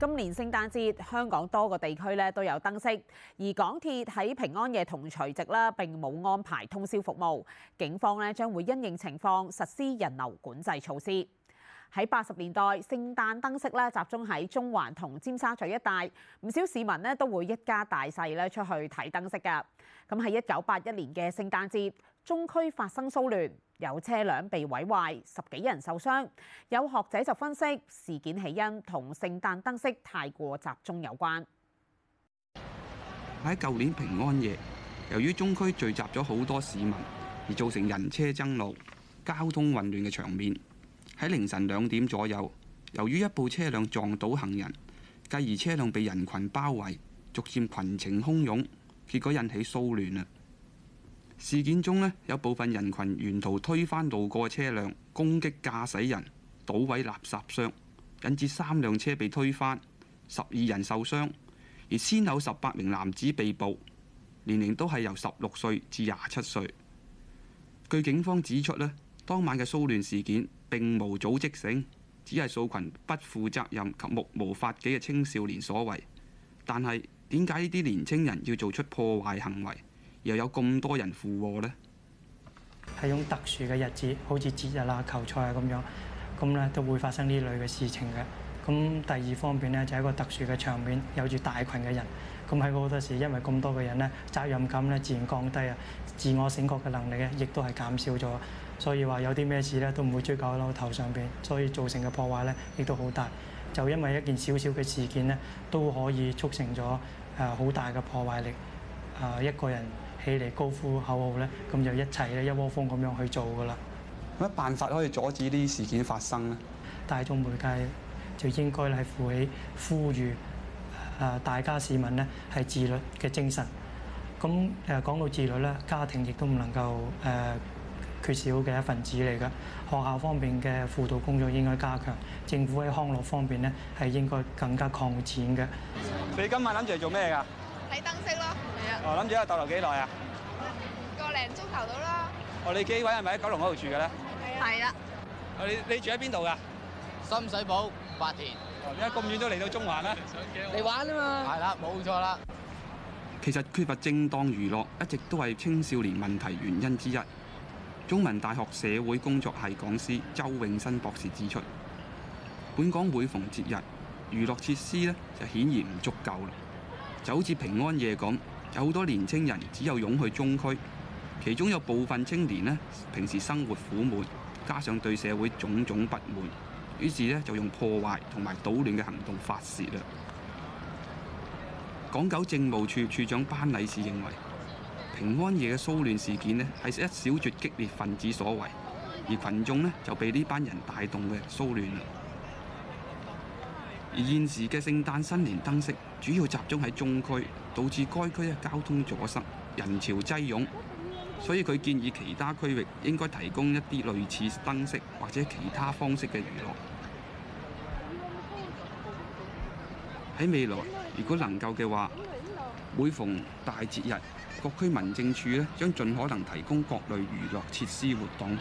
今年聖誕節，香港多個地區咧都有燈飾，而港鐵喺平安夜同除夕啦並冇安排通宵服務，警方咧將會因應情況實施人流管制措施。喺八十年代，聖誕燈飾咧集中喺中環同尖沙咀一帶，唔少市民咧都會一家大細咧出去睇燈飾嘅。咁喺一九八一年嘅聖誕節，中區發生騷亂，有車輛被毀壞，十幾人受傷。有學者就分析，事件起因同聖誕燈飾太過集中有關。喺舊年平安夜，由於中區聚集咗好多市民，而造成人車爭路、交通混亂嘅場面。喺凌晨兩點左右，由於一部車輛撞倒行人，繼而車輛被人群包圍，逐漸群情洶湧，結果引起騷亂啊！事件中呢，有部分人群沿途推翻路過嘅車輛，攻擊駕駛人，倒毀垃圾箱，引致三輛車被推翻，十二人受傷，而先有十八名男子被捕，年齡都係由十六歲至廿七歲。據警方指出呢，當晚嘅騷亂事件並無組織性，只係數群不負責任及目無法紀嘅青少年所為。但係點解呢啲年青人要做出破壞行為，又有咁多人附和呢？係種特殊嘅日子，好似節日啊、球賽啊咁樣，咁咧都會發生呢類嘅事情嘅。咁第二方面咧，就係一個特殊嘅場面，有住大群嘅人。咁喺好多時，因為咁多嘅人咧，責任感咧自然降低啊，自我醒覺嘅能力咧，亦都係減少咗。所以話有啲咩事咧，都唔會追究喺我頭上邊，所以造成嘅破壞咧，亦都好大。就因為一件小小嘅事件咧，都可以促成咗誒好大嘅破壞力。誒一個人起嚟高呼口號咧，咁就一齊咧一窩蜂咁樣去做噶啦。乜辦法可以阻止呢啲事件發生咧？大眾媒介。就應該係負起呼籲啊，大家市民咧係自律嘅精神。咁誒講到自律咧，家庭亦都唔能夠誒缺少嘅一份子嚟噶。學校方面嘅輔導工作應該加強，政府喺康樂方面咧係應該更加擴展嘅。你今晚諗住嚟做咩㗎？睇燈飾咯，係啊。哦，諗住喺度逗留幾耐啊？個零鐘頭到啦。哦，你幾位係咪喺九龍嗰度住㗎咧？係啊。係啊。你你住喺邊度㗎？深水埗。白田，而家咁遠都嚟到中環啦，嚟玩啫嘛。係啦，冇錯啦。其實缺乏正當娛樂一直都係青少年問題原因之一。中文大學社會工作系講師周永新博士指出，本港每逢節日，娛樂設施呢就顯然唔足夠啦，就好似平安夜咁，有好多年青人只有湧去中區，其中有部分青年呢，平時生活苦悶，加上對社會種種不滿。於是咧就用破壞同埋搗亂嘅行動發泄啦。港九政務處處長班禮士認為，平安夜嘅騷亂事件咧係一小撮激烈分子所為，而群眾咧就被呢班人帶動嘅騷亂。而現時嘅聖誕新年燈飾主要集中喺中區，導致該區嘅交通阻塞、人潮擠擁。所以佢建議其他區域應該提供一啲類似燈飾或者其他方式嘅娛樂。喺未來，如果能夠嘅話，每逢大節日，各區民政處咧將盡可能提供各類娛樂設施活動。